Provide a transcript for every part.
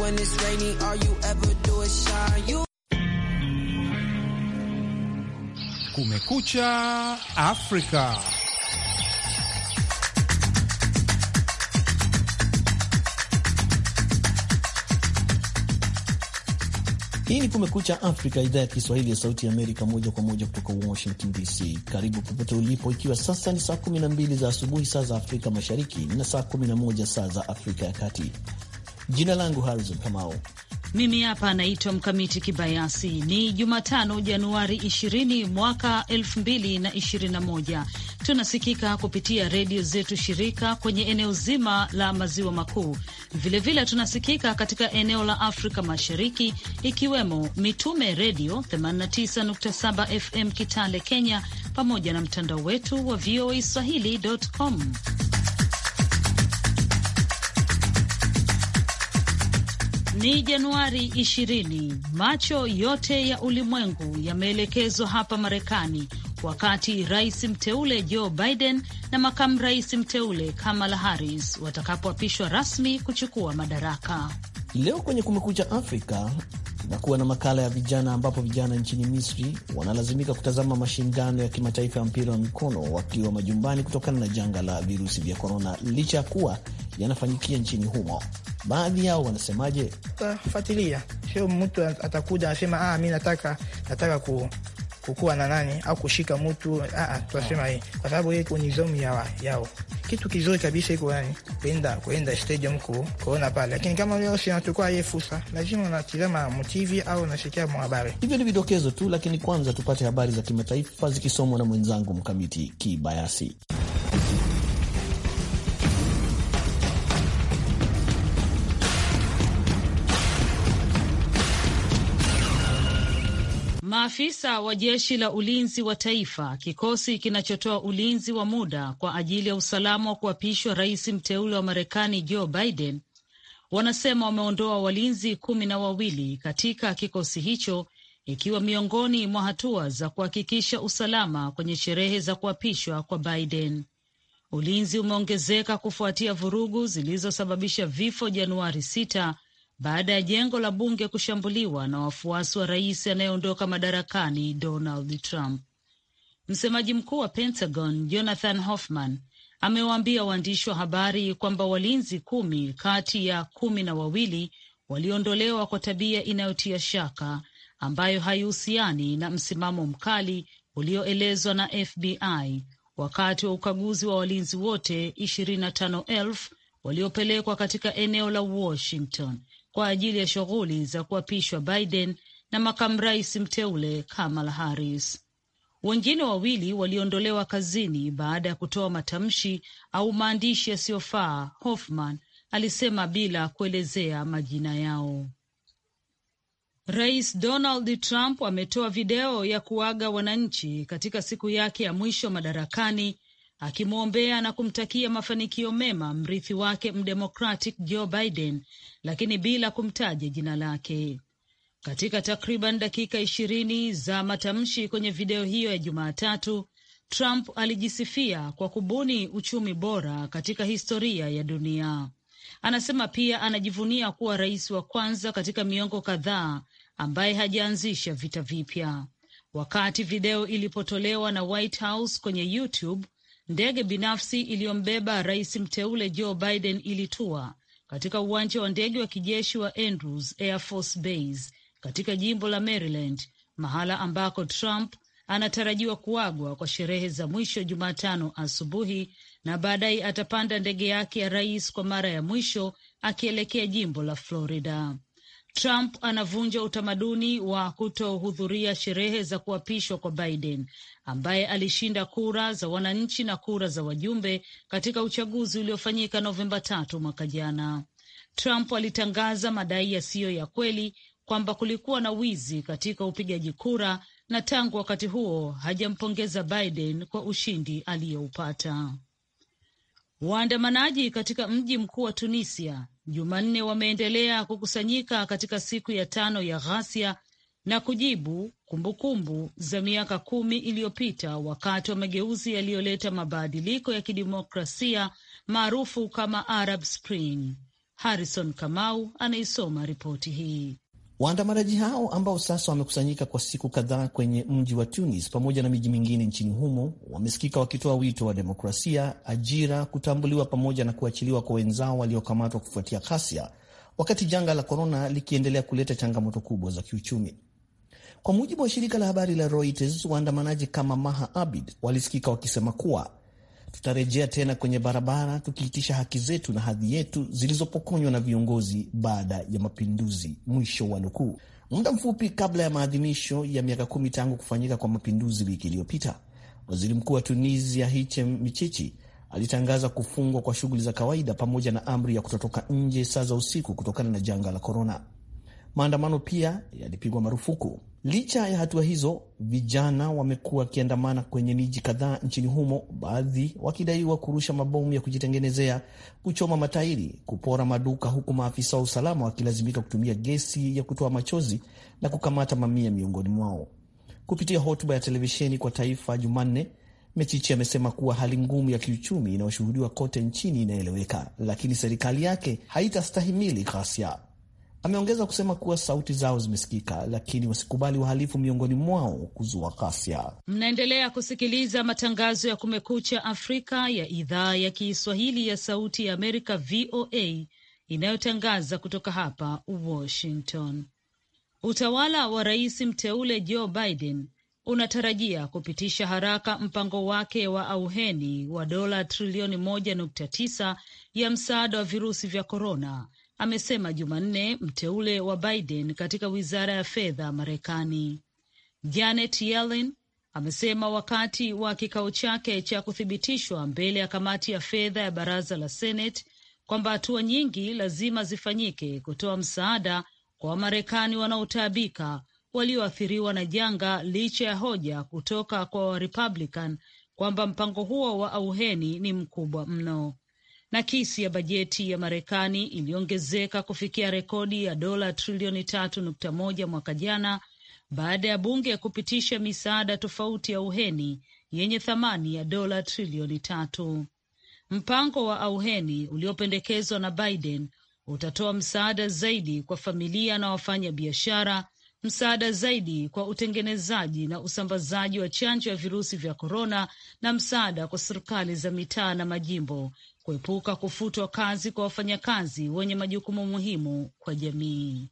when it's rainy, all you ever do is shine. You... Kumekucha Afrika. Hii ni Kumekucha Afrika, idhaa ya Kiswahili ya Sauti ya Amerika, moja kwa moja kutoka Washington DC. Karibu popote ulipo, ikiwa sasa ni saa 12 za asubuhi saa za Afrika Mashariki na saa 11 saa za Afrika ya Kati. Jina langu Harrison Kamau. Mimi hapa naitwa Mkamiti Kibayasi. Ni Jumatano, Januari 20 mwaka 2021. Tunasikika kupitia redio zetu shirika kwenye eneo zima la maziwa makuu. Vilevile tunasikika katika eneo la Afrika Mashariki, ikiwemo Mitume Redio 89.7 FM Kitale, Kenya, pamoja na mtandao wetu wa VOA swahili.com. Ni Januari 20. Macho yote ya ulimwengu yameelekezwa hapa Marekani wakati rais mteule Joe Biden na makamu rais mteule Kamala Harris watakapoapishwa rasmi kuchukua madaraka leo kwenye Kumekucha Afrika inakuwa na makala ya vijana ambapo vijana nchini Misri wanalazimika kutazama mashindano ya kimataifa ya mpira wa mikono wakiwa majumbani kutokana na janga la virusi vya korona, licha ya kuwa yanafanyikia nchini humo. Baadhi yao wanasemaje? Tafuatilia, sio mtu atakuja asema ah, mi nataka nataka ku kukuwa na nani au kushika mtu ah, ah, tunasema hii kwa sababu yeye ni zamu ya yao. Kitu kizuri kabisa iko yani kwenda kwenda stadium ku kuona pale, lakini kama leo si anatukua hii fursa, lazima unatizama mTV au unasikia mwahabari. Hivyo ni vidokezo tu, lakini kwanza tupate habari za kimataifa zikisomwa na mwenzangu mkamiti Kibayasi. Maafisa wa jeshi la ulinzi wa taifa, kikosi kinachotoa ulinzi wa muda kwa ajili ya usalama wa kuapishwa rais mteule wa Marekani Joe Biden, wanasema wameondoa walinzi kumi na wawili katika kikosi hicho, ikiwa miongoni mwa hatua za kuhakikisha usalama kwenye sherehe za kuapishwa kwa Biden. Ulinzi umeongezeka kufuatia vurugu zilizosababisha vifo Januari 6 baada ya jengo la bunge kushambuliwa na wafuasi wa rais anayeondoka madarakani Donald Trump. Msemaji mkuu wa Pentagon Jonathan Hoffman amewaambia waandishi wa habari kwamba walinzi kumi kati ya kumi na wawili waliondolewa kwa tabia inayotia shaka ambayo haihusiani na msimamo mkali ulioelezwa na FBI wakati wa ukaguzi wa walinzi wote elfu waliopelekwa katika eneo la Washington kwa ajili ya shughuli za kuapishwa Biden na makamu rais mteule Kamala Harris. Wengine wawili waliondolewa kazini baada ya kutoa matamshi au maandishi yasiyofaa, Hoffman alisema bila kuelezea majina yao. Rais Donald Trump ametoa video ya kuaga wananchi katika siku yake ya mwisho madarakani akimwombea na kumtakia mafanikio mema mrithi wake mdemokratic Joe Biden, lakini bila kumtaja jina lake. Katika takriban dakika ishirini za matamshi kwenye video hiyo ya Jumatatu, Trump alijisifia kwa kubuni uchumi bora katika historia ya dunia. Anasema pia anajivunia kuwa rais wa kwanza katika miongo kadhaa ambaye hajaanzisha vita vipya. Wakati video ilipotolewa na White House kwenye YouTube, Ndege binafsi iliyombeba rais mteule Joe Biden ilitua katika uwanja wa ndege wa kijeshi wa Andrews Air Force Base katika jimbo la Maryland, mahala ambako Trump anatarajiwa kuagwa kwa sherehe za mwisho Jumatano asubuhi na baadaye atapanda ndege yake ya rais kwa mara ya mwisho akielekea jimbo la Florida. Trump anavunja utamaduni wa kutohudhuria sherehe za kuapishwa kwa Biden ambaye alishinda kura za wananchi na kura za wajumbe katika uchaguzi uliofanyika Novemba tatu mwaka jana. Trump alitangaza madai yasiyo ya kweli kwamba kulikuwa na wizi katika upigaji kura na tangu wakati huo hajampongeza Biden kwa ushindi aliyoupata. Waandamanaji katika mji mkuu wa Tunisia Jumanne wameendelea kukusanyika katika siku ya tano ya ghasia na kujibu kumbukumbu za miaka kumi iliyopita wakati wa mageuzi yaliyoleta mabadiliko ya kidemokrasia maarufu kama Arab Spring. Harrison Kamau anaisoma ripoti hii. Waandamanaji hao ambao sasa wamekusanyika kwa siku kadhaa kwenye mji wa Tunis pamoja na miji mingine nchini humo wamesikika wakitoa wito wa demokrasia, ajira, kutambuliwa pamoja na kuachiliwa kwa wenzao waliokamatwa kufuatia ghasia, wakati janga la korona likiendelea kuleta changamoto kubwa za kiuchumi. Kwa mujibu wa shirika la habari la Reuters, waandamanaji kama Maha Abid walisikika wakisema kuwa tutarejea tena kwenye barabara tukiitisha haki zetu na hadhi yetu zilizopokonywa na viongozi baada ya mapinduzi, mwisho wa nukuu. Muda mfupi kabla ya maadhimisho ya miaka kumi tangu kufanyika kwa mapinduzi wiki iliyopita, waziri mkuu wa Tunisia Hichem Michichi alitangaza kufungwa kwa shughuli za kawaida pamoja na amri ya kutotoka nje saa za usiku kutokana na janga la korona. Maandamano pia yalipigwa marufuku. Licha ya hatua hizo, vijana wamekuwa wakiandamana kwenye miji kadhaa nchini humo, baadhi wakidaiwa kurusha mabomu ya kujitengenezea, kuchoma matairi, kupora maduka, huku maafisa wa usalama wakilazimika kutumia gesi ya kutoa machozi na kukamata mamia miongoni mwao. Kupitia hotuba ya televisheni kwa taifa Jumanne, Mechichi amesema kuwa hali ngumu ya kiuchumi inayoshuhudiwa kote nchini inaeleweka, lakini serikali yake haitastahimili ghasia. Ameongeza kusema kuwa sauti zao zimesikika, lakini wasikubali wahalifu miongoni mwao kuzua ghasia. Mnaendelea kusikiliza matangazo ya Kumekucha Afrika ya idhaa ya Kiswahili ya Sauti ya Amerika, VOA, inayotangaza kutoka hapa Washington. Utawala wa rais mteule Joe Biden unatarajia kupitisha haraka mpango wake wa auheni wa dola trilioni moja nukta tisa ya msaada wa virusi vya korona amesema Jumanne mteule wa Biden katika wizara ya fedha Marekani. Janet Yellen amesema wakati wa kikao chake cha kuthibitishwa mbele ya kamati ya fedha ya baraza la senet kwamba hatua nyingi lazima zifanyike kutoa msaada kwa Wamarekani wanaotaabika walioathiriwa na janga, licha ya hoja kutoka kwa Warepublican kwamba mpango huo wa auheni ni mkubwa mno. Nakisi ya bajeti ya Marekani iliongezeka kufikia rekodi ya dola trilioni tatu nukta moja mwaka jana baada ya bunge ya kupitisha misaada tofauti ya auheni yenye thamani ya dola trilioni tatu. Mpango wa auheni uliopendekezwa na Biden utatoa msaada zaidi kwa familia na wafanya biashara msaada zaidi kwa utengenezaji na usambazaji wa chanjo ya virusi vya korona na msaada kwa serikali za mitaa na majimbo kuepuka kufutwa kazi kwa wafanyakazi wenye majukumu muhimu kwa jamii.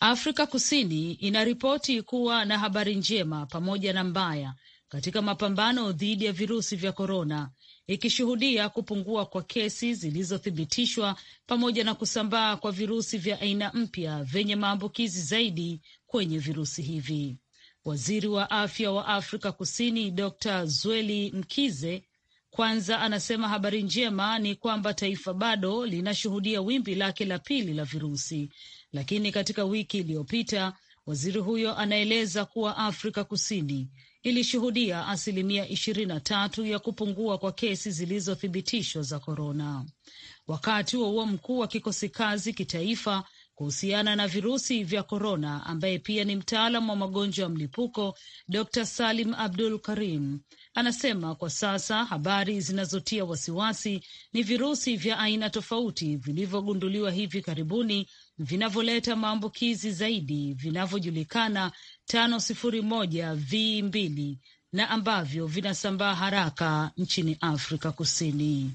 Afrika Kusini inaripoti kuwa na habari njema pamoja na mbaya katika mapambano dhidi ya virusi vya korona ikishuhudia kupungua kwa kesi zilizothibitishwa pamoja na kusambaa kwa virusi vya aina mpya vyenye maambukizi zaidi kwenye virusi hivi. Waziri wa afya wa Afrika Kusini Dr Zweli Mkize kwanza anasema habari njema ni kwamba taifa bado linashuhudia wimbi lake la pili la virusi, lakini katika wiki iliyopita waziri huyo anaeleza kuwa Afrika Kusini ilishuhudia asilimia ishirini na tatu ya kupungua kwa kesi zilizothibitishwa za korona. Wakati wa huo mkuu wa kikosi kazi kitaifa kuhusiana na virusi vya korona ambaye pia ni mtaalam wa magonjwa ya mlipuko Dr Salim Abdul Karim anasema kwa sasa habari zinazotia wasiwasi ni virusi vya aina tofauti vilivyogunduliwa hivi karibuni vinavyoleta maambukizi zaidi vinavyojulikana tano sifuri moja v mbili na ambavyo vinasambaa haraka nchini Afrika Kusini.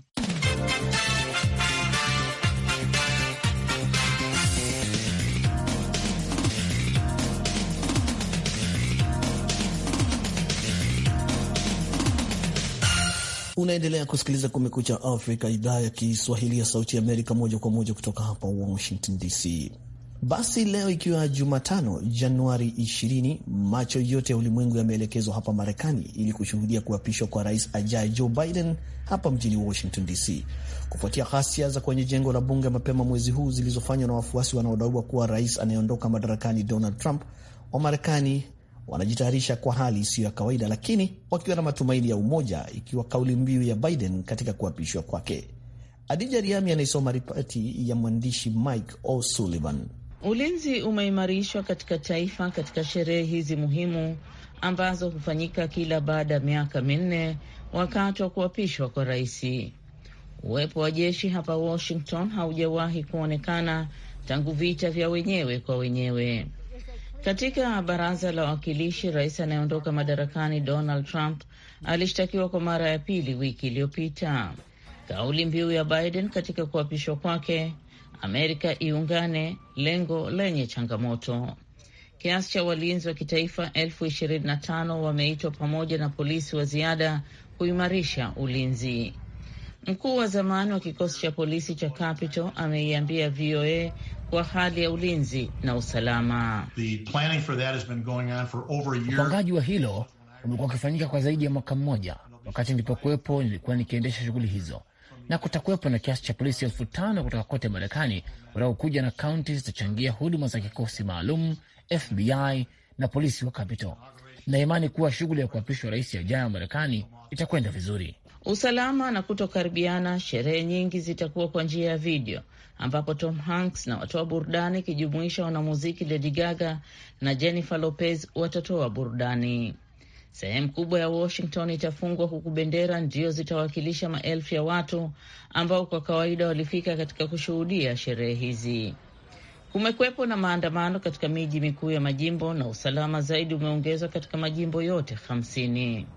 Unaendelea kusikiliza Kumekucha Afrika, idhaa ya Kiswahili ya Sauti Amerika, moja kwa moja kutoka hapa Washington DC. Basi leo ikiwa Jumatano, Januari 20, macho yote ya ulimwengu yameelekezwa hapa Marekani ili kushuhudia kuapishwa kwa rais ajaye Joe Biden hapa mjini Washington DC, kufuatia ghasia za kwenye jengo la bunge mapema mwezi huu zilizofanywa na wafuasi wanaodaiwa kuwa rais anayeondoka madarakani Donald Trump wa Marekani wanajitayarisha kwa hali isiyo ya kawaida, lakini wakiwa na matumaini ya umoja, ikiwa kauli mbiu ya Biden katika kuapishwa kwake. Adija Riami anaisoma ripoti ya mwandishi Mike O'Sullivan. Ulinzi umeimarishwa katika taifa katika sherehe hizi muhimu ambazo hufanyika kila baada ya miaka minne wakati wa kuapishwa kwa raisi. Uwepo wa jeshi hapa Washington haujawahi kuonekana tangu vita vya wenyewe kwa wenyewe. Katika baraza la wawakilishi, rais anayeondoka madarakani Donald Trump alishtakiwa kwa mara ya pili wiki iliyopita. Kauli mbiu ya Biden katika kuapishwa kwake, Amerika iungane, lengo lenye changamoto. Kiasi cha walinzi wa kitaifa elfu ishirini na tano wameitwa pamoja na polisi wa ziada kuimarisha ulinzi. Mkuu wa zamani wa kikosi cha polisi cha Capitol ameiambia VOA kwa hali ya ulinzi na usalama. Upangaji wa hilo umekuwa ukifanyika kwa zaidi ya mwaka mmoja. Wakati nilipokuwepo, nilikuwa nikiendesha shughuli hizo, na kutakuwepo na kiasi cha polisi elfu tano kutoka kote Marekani wanaokuja na kaunti zitachangia huduma za kikosi maalum, FBI na polisi wa Capitol Naimani kuwa shughuli ya kuapishwa rais ajayo wa Marekani itakwenda vizuri usalama na kutokaribiana. Sherehe nyingi zitakuwa kwa njia ya video, ambapo Tom Hanks na watoa burudani ikijumuisha wanamuziki Lady Gaga na Jennifer Lopez watatoa burudani. Sehemu kubwa ya Washington itafungwa huku bendera ndio zitawakilisha maelfu ya watu ambao kwa kawaida walifika katika kushuhudia sherehe hizi. Kumekwepo na maandamano katika miji mikuu ya majimbo na usalama zaidi umeongezwa katika majimbo yote hamsini.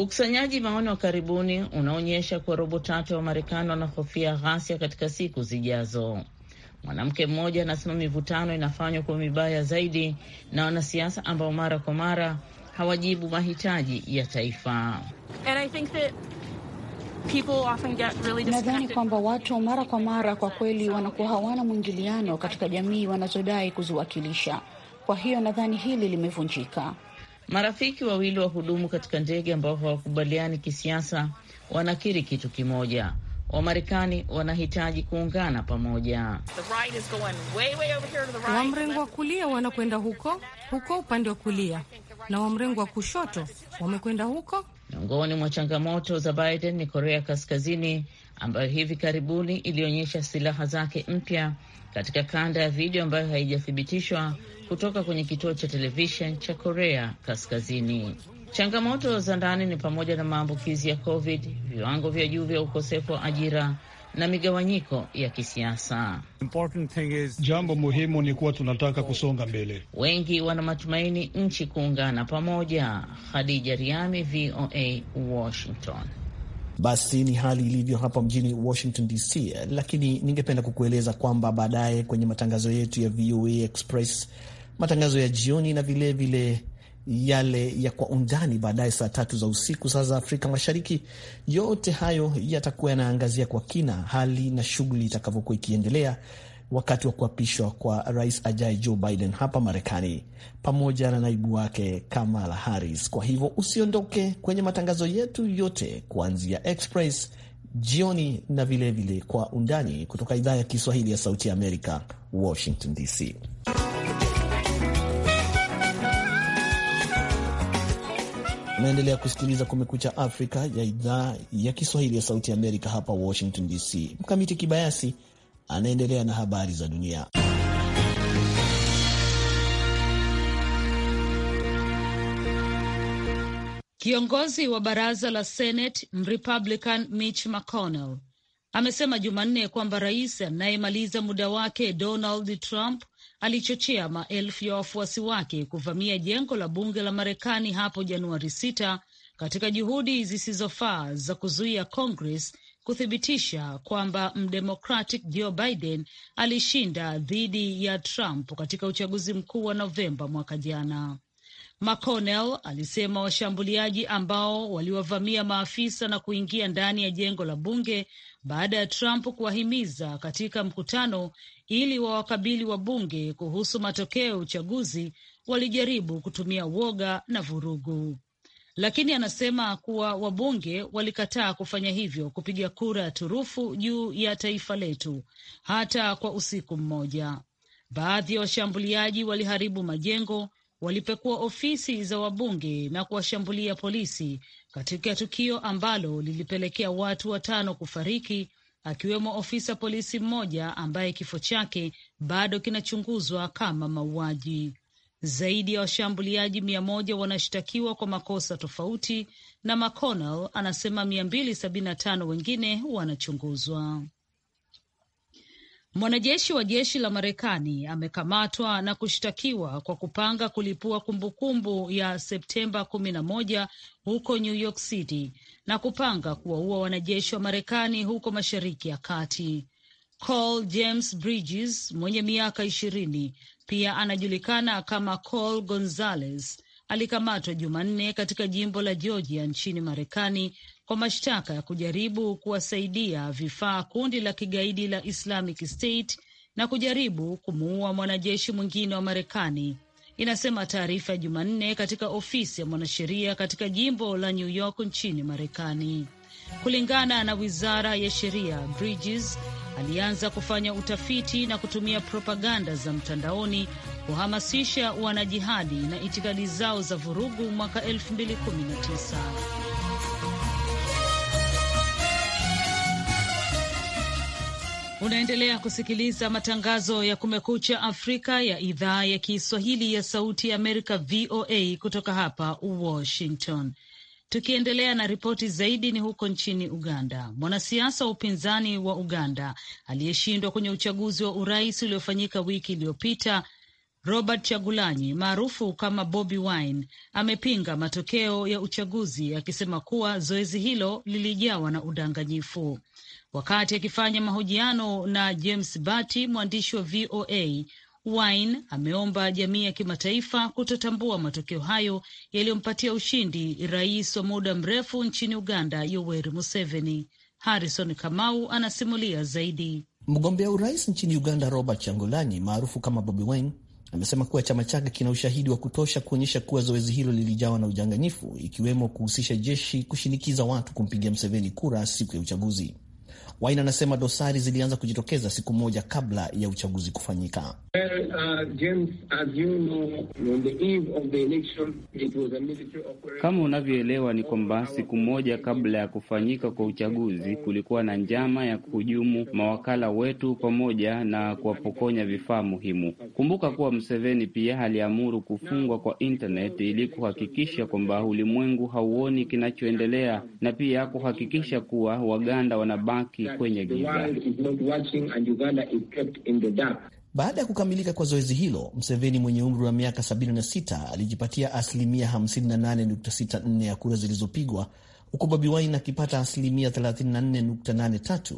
Ukusanyaji maoni wa karibuni unaonyesha kuwa robo tatu ya Wamarekani wanahofia ghasia katika siku zijazo. Mwanamke mmoja anasema mivutano inafanywa kuwa mibaya zaidi na wanasiasa ambao mara kwa mara hawajibu mahitaji ya taifa. Really nadhani kwamba watu mara kwa mara kwa kweli wanakuwa hawana mwingiliano katika jamii wanazodai kuziwakilisha. Kwa hiyo nadhani hili limevunjika. Marafiki wawili wa hudumu katika ndege ambao hawakubaliani kisiasa wanakiri kitu kimoja: Wamarekani wanahitaji kuungana pamoja. wa mrengo wa kulia wanakwenda huko huko upande wa kulia, na wa mrengo wa kushoto wamekwenda huko Miongoni mwa changamoto za Biden ni Korea Kaskazini ambayo hivi karibuni ilionyesha silaha zake mpya katika kanda ya video ambayo haijathibitishwa kutoka kwenye kituo cha televishen cha Korea Kaskazini. Changamoto za ndani ni pamoja na maambukizi ya COVID, viwango vya juu vya ukosefu wa ajira na migawanyiko ya kisiasa. Jambo muhimu ni kuwa tunataka kusonga mbele. Wengi wana matumaini nchi kuungana pamoja. Khadija Riami, VOA, Washington. Basi ni hali ilivyo hapa mjini Washington DC, lakini ningependa kukueleza kwamba baadaye kwenye matangazo yetu ya VOA Express, matangazo ya jioni na vilevile vile yale ya kwa undani baadaye saa tatu za usiku saa za Afrika Mashariki. Yote hayo yatakuwa yanaangazia kwa kina hali na shughuli itakavyokuwa ikiendelea wakati wa kuapishwa kwa rais ajaye Joe Biden hapa Marekani, pamoja na naibu wake Kamala Harris. Kwa hivyo usiondoke kwenye matangazo yetu yote kuanzia Express jioni na vilevile vile kwa undani kutoka idhaa ya Kiswahili ya Sauti ya Amerika, Washington DC. Naendelea kusikiliza Kumekucha Afrika ya idhaa ya Kiswahili ya Sauti Amerika hapa Washington DC. Mkamiti Kibayasi anaendelea na habari za dunia. Kiongozi wa baraza la Senate Mrepublican Mitch McConnell amesema Jumanne kwamba rais anayemaliza muda wake Donald Trump alichochea maelfu ya wafuasi wake kuvamia jengo la bunge la Marekani hapo Januari 6 katika juhudi zisizofaa za kuzuia Congress kuthibitisha kwamba mdemocratic Joe Biden alishinda dhidi ya Trump katika uchaguzi mkuu wa Novemba mwaka jana. McConnell alisema washambuliaji ambao waliwavamia maafisa na kuingia ndani ya jengo la bunge baada ya Trump kuwahimiza katika mkutano ili wawakabili bunge kuhusu matokeo ya uchaguzi walijaribu kutumia woga na vurugu, lakini anasema kuwa wabunge walikataa kufanya hivyo, kupiga kura ya turufu juu ya taifa letu hata kwa usiku mmoja. Baadhi ya washambuliaji waliharibu majengo walipekua ofisi za wabunge na kuwashambulia polisi katika tukio ambalo lilipelekea watu watano kufariki akiwemo ofisa polisi mmoja ambaye kifo chake bado kinachunguzwa kama mauaji. Zaidi ya washambuliaji mia moja wanashtakiwa kwa makosa tofauti, na McConnell anasema 275 wengine wanachunguzwa. Mwanajeshi wa jeshi la Marekani amekamatwa na kushtakiwa kwa kupanga kulipua kumbukumbu kumbu ya Septemba 11 huko New York City na kupanga kuwaua wanajeshi wa Marekani huko Mashariki ya Kati. Col James Bridges mwenye miaka ishirini, pia anajulikana kama Col Gonzales alikamatwa Jumanne katika jimbo la Georgia nchini Marekani kwa mashtaka ya kujaribu kuwasaidia vifaa kundi la kigaidi la Islamic State na kujaribu kumuua mwanajeshi mwingine wa Marekani, inasema taarifa ya Jumanne katika ofisi ya mwanasheria katika jimbo la New York nchini Marekani. Kulingana na wizara ya sheria, Bridges alianza kufanya utafiti na kutumia propaganda za mtandaoni kuhamasisha wanajihadi na itikadi zao za vurugu mwaka 2019. Unaendelea kusikiliza matangazo ya Kumekucha Afrika ya idhaa ya Kiswahili ya Sauti ya Amerika, VOA, kutoka hapa Washington. Tukiendelea na ripoti zaidi, ni huko nchini Uganda. Mwanasiasa wa upinzani wa Uganda aliyeshindwa kwenye uchaguzi wa urais uliofanyika wiki iliyopita Robert Chagulanyi maarufu kama Bobi Wine amepinga matokeo ya uchaguzi akisema kuwa zoezi hilo lilijawa na udanganyifu. Wakati akifanya mahojiano na James Bati, mwandishi wa VOA, Wine ameomba jamii ya kimataifa kutotambua matokeo hayo yaliyompatia ushindi rais wa muda mrefu nchini Uganda, Yoweri Museveni. Harrison Kamau anasimulia zaidi. Mgombea urais nchini Uganda Robert Changolani maarufu kama Bobi Wine amesema kuwa chama chake kina ushahidi wa kutosha kuonyesha kuwa zoezi hilo lilijawa na udanganyifu, ikiwemo kuhusisha jeshi kushinikiza watu kumpigia Mseveni kura siku ya uchaguzi. Waina anasema dosari zilianza kujitokeza siku moja kabla ya uchaguzi kufanyika. Uh, Kama unavyoelewa ni kwamba siku moja kabla ya kufanyika kwa uchaguzi kulikuwa na njama ya kuhujumu mawakala wetu pamoja na kuwapokonya vifaa muhimu. Kumbuka kuwa Mseveni pia aliamuru kufungwa kwa internet ili kuhakikisha kwamba ulimwengu hauoni kinachoendelea na pia kuhakikisha kuwa Waganda wanabaki hawatazunguki kwenye giza. Baada ya kukamilika kwa zoezi hilo, Mseveni mwenye umri wa miaka 76 alijipatia asilimia 58.64 ya kura zilizopigwa huku Bobi Wine akipata asilimia 34.83.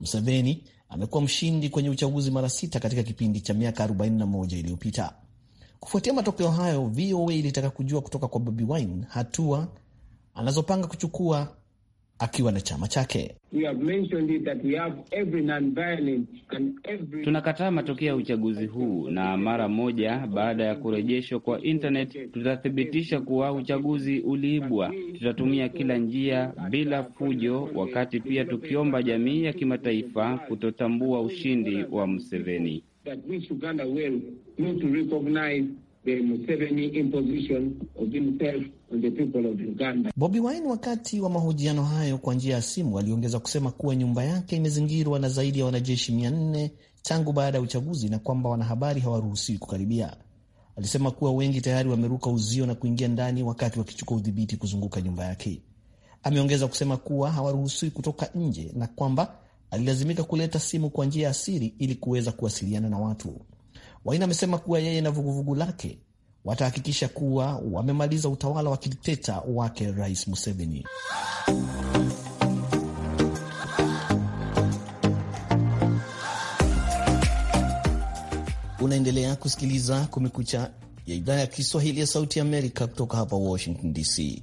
Mseveni amekuwa mshindi kwenye uchaguzi mara sita katika kipindi cha miaka 41 iliyopita. Kufuatia matokeo hayo, VOA ilitaka kujua kutoka kwa Bobi Wine hatua anazopanga kuchukua akiwa na chama chake. tunakataa matokeo ya uchaguzi huu, na mara moja baada ya kurejeshwa kwa internet tutathibitisha kuwa uchaguzi uliibwa. Tutatumia kila njia bila fujo, wakati pia tukiomba jamii ya kimataifa kutotambua ushindi wa Museveni the Museveni imposition of himself on the people of Uganda. Bobi Wine wakati wa mahojiano hayo kwa njia ya simu aliongeza kusema kuwa nyumba yake imezingirwa na zaidi ya wanajeshi mia nne tangu baada ya uchaguzi na kwamba wanahabari hawaruhusiwi kukaribia. Alisema kuwa wengi tayari wameruka uzio na kuingia ndani wakati wakichukua udhibiti kuzunguka nyumba yake. Ameongeza kusema kuwa hawaruhusiwi kutoka nje na kwamba alilazimika kuleta simu kwa njia ya siri ili kuweza kuwasiliana na watu. Waina amesema kuwa yeye na vuguvugu lake watahakikisha kuwa wamemaliza utawala wa kidikteta wake Rais Museveni. Unaendelea kusikiliza Kumekucha ya idhaa ya Kiswahili ya Sauti Amerika kutoka hapa Washington DC.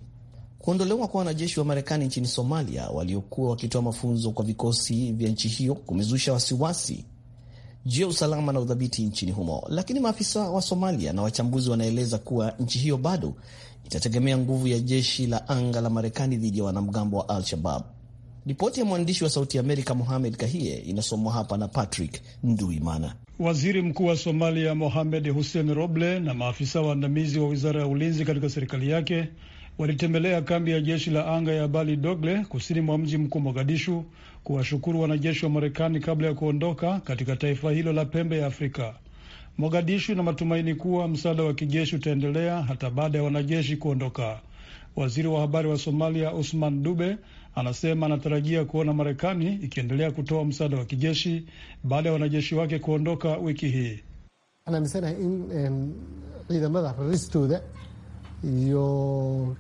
Kuondolewa kwa wanajeshi wa Marekani nchini Somalia waliokuwa wakitoa mafunzo kwa vikosi vya nchi hiyo kumezusha wasiwasi juu ya usalama na udhabiti nchini humo, lakini maafisa wa Somalia na wachambuzi wanaeleza kuwa nchi hiyo bado itategemea nguvu ya jeshi la anga la Marekani dhidi ya wanamgambo wa Al-Shabab. Ripoti ya mwandishi wa Sauti Amerika Mohamed Kahiye inasomwa hapa na Patrick Nduimana. Waziri Mkuu wa Somalia Mohamed Hussein Roble na maafisa waandamizi wa wizara ya ulinzi katika serikali yake walitembelea kambi ya jeshi la anga ya Bali Dogle kusini mwa mji mkuu Mogadishu kuwashukuru wanajeshi wa Marekani kabla ya kuondoka katika taifa hilo la pembe ya Afrika. Mogadishu ina matumaini kuwa msaada wa kijeshi utaendelea hata baada ya wanajeshi kuondoka. Waziri wa habari wa Somalia Usman Dube anasema anatarajia kuona Marekani ikiendelea kutoa msaada wa kijeshi baada ya wanajeshi wake kuondoka wiki hii.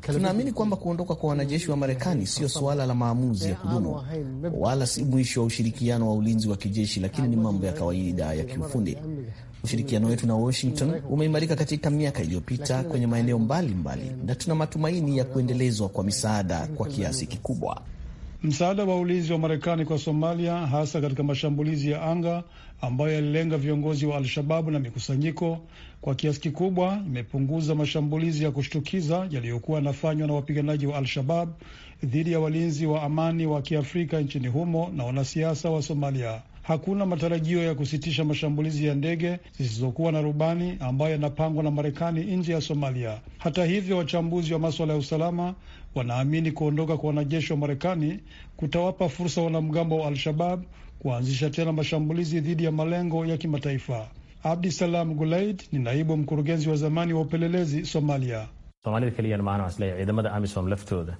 Tunaamini kwamba kuondoka kwa wanajeshi wa Marekani sio suala la maamuzi ya kudumu wala si mwisho wa ushirikiano wa ulinzi wa kijeshi, lakini ni mambo ya kawaida ya kiufundi. Ushirikiano wetu na Washington umeimarika katika miaka iliyopita kwenye maeneo mbalimbali, na tuna matumaini ya kuendelezwa kwa misaada kwa kiasi kikubwa. Msaada wa ulinzi wa Marekani kwa Somalia, hasa katika mashambulizi ya anga ambayo yalilenga viongozi wa Al-Shababu na mikusanyiko, kwa kiasi kikubwa imepunguza mashambulizi ya kushtukiza yaliyokuwa yanafanywa na wapiganaji wa Al-Shabab dhidi ya walinzi wa amani wa Kiafrika nchini humo na wanasiasa wa Somalia hakuna matarajio ya kusitisha mashambulizi ya ndege zisizokuwa na rubani ambayo yanapangwa na Marekani nje ya Somalia. Hata hivyo, wachambuzi wa maswala ya usalama wanaamini kuondoka kwa wanajeshi wa Marekani kutawapa fursa wanamgambo wa Al-Shabab kuanzisha tena mashambulizi dhidi ya malengo ya kimataifa. Abdi Salam Gulaid ni naibu mkurugenzi wa zamani wa upelelezi Somalia. ciidamada AMISOM laftooda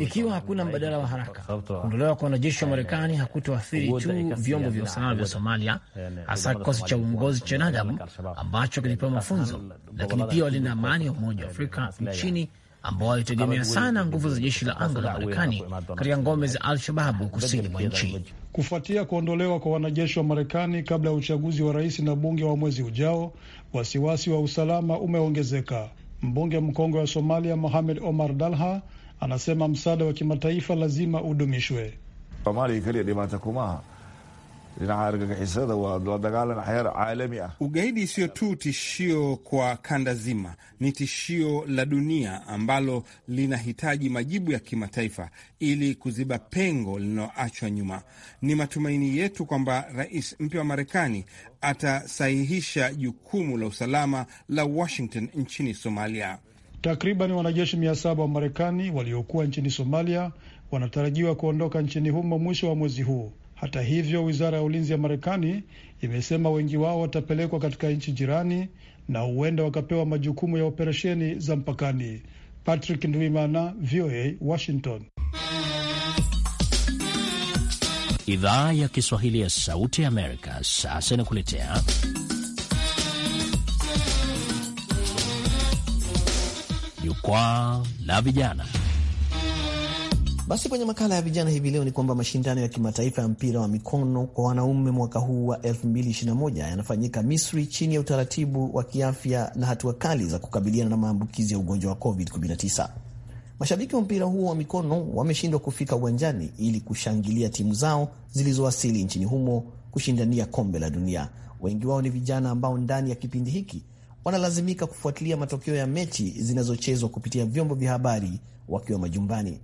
ikiwa hakuna mbadala wa haraka. Kuondolewa kwa wanajeshi wa Marekani hakutoathiri tu vyombo vya usalama vya Somalia, hasa kikosi cha uongozi cha NADAM ambacho kilipewa mafunzo, lakini pia walinda amani ya Umoja wa Afrika nchini ambao walitegemea sana nguvu za jeshi la anga la Marekani katika ngome za Al-Shababu kusini mwa nchi. Kufuatia kuondolewa kwa wanajeshi wa Marekani kabla ya uchaguzi wa rais na bunge wa mwezi ujao, wasiwasi wa usalama umeongezeka. Mbunge mkongwe wa Somalia Mohamed Omar Dalha anasema msaada wa kimataifa lazima udumishwe. Somalia dhinaca argagixisada waa dagaalan caalami ah. Ugaidi sio tu tishio kwa kanda zima, ni tishio la dunia ambalo linahitaji majibu ya kimataifa ili kuziba pengo linaloachwa nyuma. Ni matumaini yetu kwamba rais mpya wa Marekani atasahihisha jukumu la usalama la Washington nchini Somalia. Takriban wanajeshi mia saba wa Marekani waliokuwa nchini Somalia wanatarajiwa kuondoka nchini humo mwisho wa mwezi huu. Hata hivyo, wizara ya ulinzi ya Marekani imesema wengi wao watapelekwa katika nchi jirani na huenda wakapewa majukumu ya operesheni za mpakani. Patrick Ndwimana, VOA, Washington. Idhaa ya Kiswahili ya Sauti ya Amerika sasa inakuletea jukwaa la vijana. Basi kwenye makala ya vijana hivi leo ni kwamba mashindano ya kimataifa ya mpira wa mikono kwa wanaume mwaka huu wa 2021 yanafanyika Misri chini ya utaratibu wa kiafya na hatua kali za kukabiliana na maambukizi ya ugonjwa wa COVID-19. Mashabiki wa mpira huo wa mikono wameshindwa kufika uwanjani ili kushangilia timu zao zilizowasili nchini humo kushindania kombe la dunia. Wengi wao ni vijana ambao ndani ya kipindi hiki wanalazimika kufuatilia matokeo ya mechi zinazochezwa kupitia vyombo vya habari wakiwa majumbani.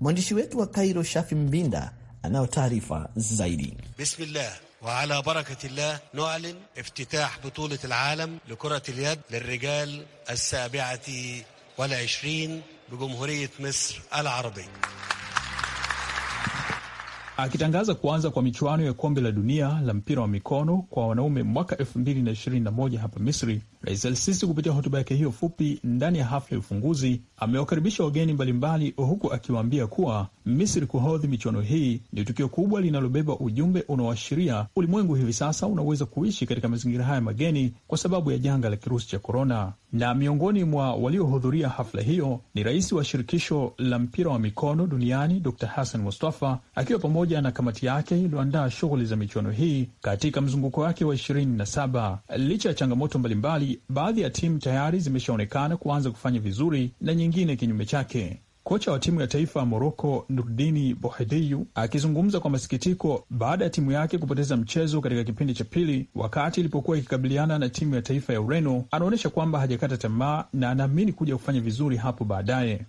Mwandishi wetu wa Kairo, Shafi Mbinda, anayo taarifa zaidi. Bismillah وعلى بركة الله نعلن افتتاح بطولة العالم لكرة اليد للرجال السابعة والعشرين بجمهورية مصر العربية. Akitangaza kuanza kwa michuano ya kombe la dunia la mpira wa mikono kwa wanaume mwaka 2021 hapa Misri, Rais elsisi kupitia hotuba yake hiyo fupi ndani ya hafla ya ufunguzi amewakaribisha wageni mbalimbali, huku akiwaambia kuwa Misri kuhodhi michuano hii ni tukio kubwa linalobeba ujumbe unaoashiria ulimwengu hivi sasa unaweza kuishi katika mazingira haya mageni kwa sababu ya janga la kirusi cha korona. Na miongoni mwa waliohudhuria hafla hiyo ni rais wa shirikisho la mpira wa mikono duniani Dr Hassan Mustafa akiwa pamoja na kamati yake iliyoandaa shughuli za michuano hii katika mzunguko wake wa saba licha ya changamoto mbalimbali baadhi ya timu tayari zimeshaonekana kuanza kufanya vizuri na nyingine kinyume chake. Kocha wa timu ya taifa ya Moroko Nurdini Bohediyu akizungumza kwa masikitiko baada ya timu yake kupoteza mchezo katika kipindi cha pili wakati ilipokuwa ikikabiliana na timu ya taifa ya Ureno, anaonyesha kwamba hajakata tamaa na anaamini kuja kufanya vizuri hapo baadaye.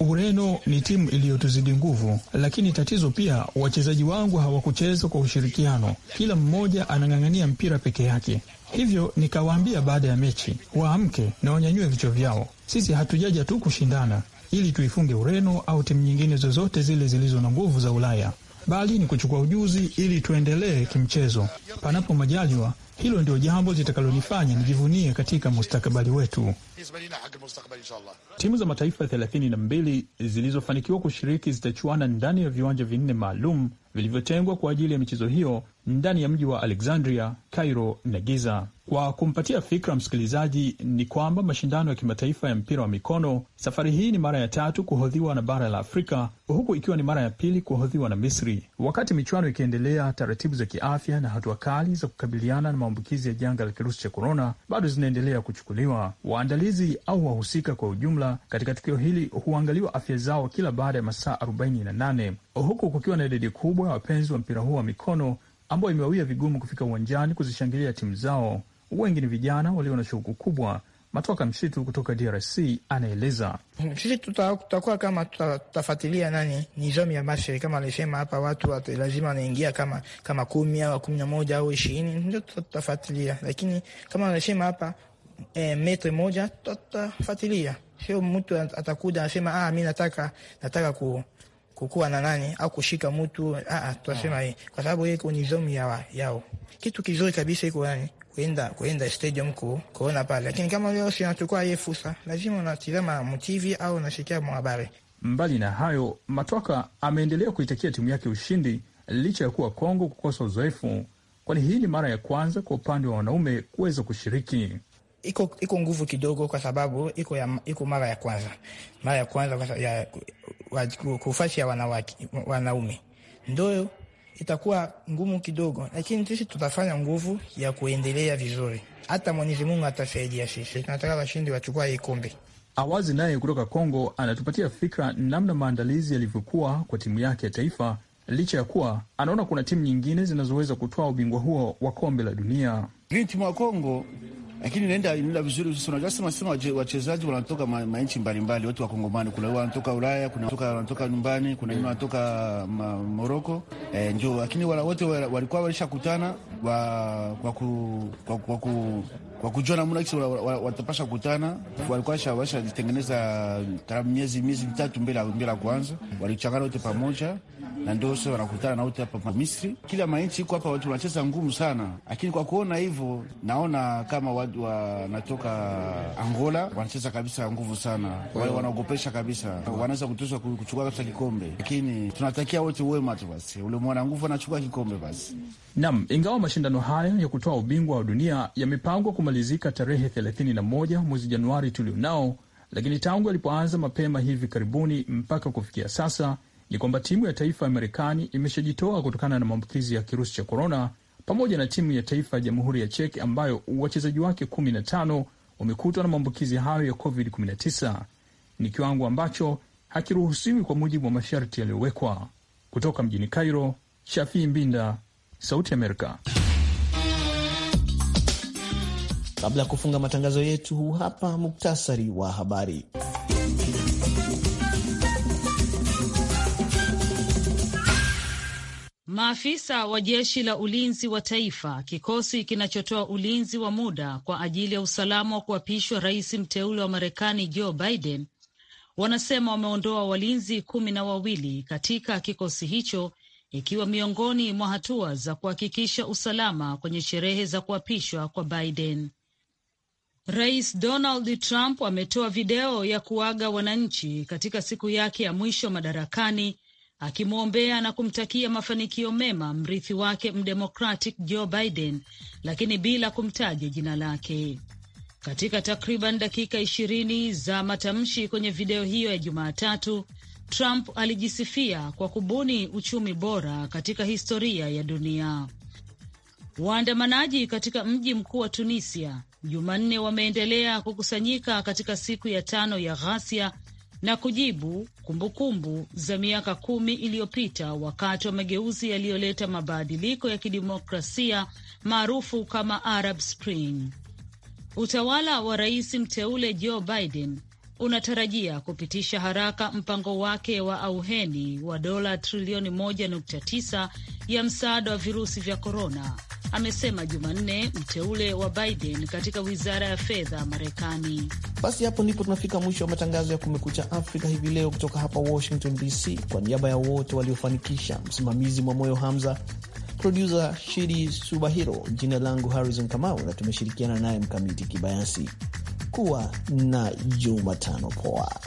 Ureno ni timu iliyotuzidi nguvu, lakini tatizo pia wachezaji wangu hawakucheza kwa ushirikiano, kila mmoja anang'ang'ania mpira peke yake. Hivyo nikawaambia baada ya mechi waamke na wanyanyue vichwa vyao. Sisi hatujaja tu kushindana ili tuifunge Ureno au timu nyingine zozote zile zilizo na nguvu za Ulaya, bali ni kuchukua ujuzi ili tuendelee kimchezo. Panapo majaliwa, hilo ndio jambo litakalonifanya nijivunie katika mustakabali wetu. Timu za mataifa na mbili zilizofanikiwa kushiriki zitachuana ndani ya viwanja vinne maalum vilivyotengwa kwa ajili ya michezo hiyo ndani ya mji wa Alexandria, Cairo na Giza. Kwa kumpatia fikra msikilizaji, ni kwamba mashindano ya kimataifa ya mpira wa mikono safari hii ni mara ya tatu kuhodhiwa na bara la Afrika, huku ikiwa ni mara ya pili kuhodhiwa na Misri, wakati michuano ikiendelea, taratibu za kiafya na hatua kali za kukabiliana na maambukizi ya janga la kirusi cha korona bado zinaendelea kuchukuliwa. Waandalizi au wahusika kwa ujumla katika tukio hili huangaliwa afya zao kila baada ya masaa 48 huku kukiwa na idadi kubwa ya wapenzi wa mpira huo wa mikono ambao imewawia vigumu kufika uwanjani kuzishangilia timu zao. Wengi ni vijana walio na shauku kubwa Matoka Mshitu kutoka DRC anaeleza. Hmm, sisi tutakuwa kama tutafuatilia nani ni ya mashe kama alisema hapa, watu wat, lazima wanaingia kama kama kumi au kumi na moja au ishirini ndio tutafuatilia, lakini kama alisema hapa e, eh, metre moja tutafuatilia, sio mtu atakuja anasema ah, mi nataka nataka ku kukuwa na nani au kushika mtu. Ah, ah tunasema hmm. hii kwa sababu iko ni zomu yao. Kitu kizuri kabisa iko nani kuenda kuenda stadium ku, kuona pale, lakini kama leo si nachukua hiyo fursa, lazima unatizama TV au unashikia mwhabari. Mbali na hayo, Matoka ameendelea kuitakia timu yake ushindi licha ya kuwa Kongo kukosa uzoefu, kwani hii ni mara ya kwanza kwa upande wa wanaume kuweza kushiriki. Iko iko nguvu kidogo, kwa sababu iko ya, iko mara ya kwanza mara ya kwanza kwa ya, kufasi ya wanawake wanaume ndio itakuwa ngumu kidogo, lakini sisi tutafanya nguvu ya kuendelea vizuri. Hata Mwenyezi Mungu atasaidia sisi. Tunataka washindi wachukua hii kombe. Awazi naye kutoka Kongo anatupatia fikra namna maandalizi yalivyokuwa kwa timu yake ya taifa, licha ya kuwa anaona kuna timu nyingine zinazoweza kutoa ubingwa huo wa kombe la dunia. Hii timu ya Kongo lakini inaenda inaenda vizuri. Sasa unajua, sema sema wachezaji wanatoka manchi mbalimbali, watu wa Kongomani, kuna wanatoka Ulaya, kuna wanatoka nyumbani, kuna wengine wanatoka Moroko e, eh, njo lakini wala wote walikuwa walishakutana kwa ku, kwa ku kwa kujua namna hicho watapasha kutana, walikuwa washajitengeneza miezi miezi mitatu mbele ya kwanza walichangana wote pamoja na ndio sasa wanakutana na wote hapa Misri. Kila manchi iko hapa, watu wanacheza ngumu sana, lakini kwa kuona hivyo naona kama wanatoka Angola wanacheza kabisa nguvu sana, wale wanaogopesha kabisa, wanaweza kutusa kuchukua kabisa kikombe, lakini tunatakia wote wema tu basi, ule mwana nguvu anachukua kikombe basi. Nam, ingawa mashindano hayo ya kutoa ubingwa wa dunia yamepangwa kumalizika tarehe 31 mwezi Januari tulionao, lakini tangu yalipoanza mapema hivi karibuni mpaka kufikia sasa ni kwamba timu ya taifa ya Marekani imeshajitoa kutokana na maambukizi ya kirusi cha korona, pamoja na timu ya taifa ya Jamhuri ya Cheki ambayo wachezaji wake 15 wamekutwa na maambukizi hayo ya COVID-19. Ni kiwango ambacho hakiruhusiwi kwa mujibu wa masharti yaliyowekwa. Kutoka mjini Cairo, Shafii Mbinda, Sauti Amerika. Kabla ya kufunga matangazo yetu, huu hapa muktasari wa habari. Maafisa wa jeshi la ulinzi wa taifa, kikosi kinachotoa ulinzi wa muda kwa ajili ya usalama wa kuapishwa rais mteule wa Marekani Joe Biden, wanasema wameondoa walinzi kumi na wawili katika kikosi hicho, ikiwa miongoni mwa hatua za kuhakikisha usalama kwenye sherehe za kuapishwa kwa Biden. Rais Donald Trump ametoa video ya kuaga wananchi katika siku yake ya mwisho madarakani akimwombea na kumtakia mafanikio mema mrithi wake mdemokratic Joe Biden, lakini bila kumtaja jina lake. Katika takriban dakika ishirini za matamshi kwenye video hiyo ya Jumatatu, Trump alijisifia kwa kubuni uchumi bora katika historia ya dunia. Waandamanaji katika mji mkuu wa Tunisia Jumanne wameendelea kukusanyika katika siku ya tano ya ghasia na kujibu kumbukumbu za miaka kumi iliyopita wakati wa mageuzi yaliyoleta mabadiliko ya kidemokrasia maarufu kama Arab Spring. Utawala wa rais mteule Joe Biden unatarajia kupitisha haraka mpango wake wa auheni wa dola trilioni 1.9 ya msaada wa virusi vya korona amesema Jumanne, mteule wa Biden katika wizara ya fedha ya Marekani. Basi hapo ndipo tunafika mwisho wa matangazo ya Kumekucha Afrika hivi leo, kutoka hapa Washington DC. Kwa niaba ya wote waliofanikisha, msimamizi mwa moyo Hamza, produsa shidi Subahiro, jina langu Harrison Kamau na tumeshirikiana naye Mkamiti Kibayasi. Kuwa na Jumatano poa.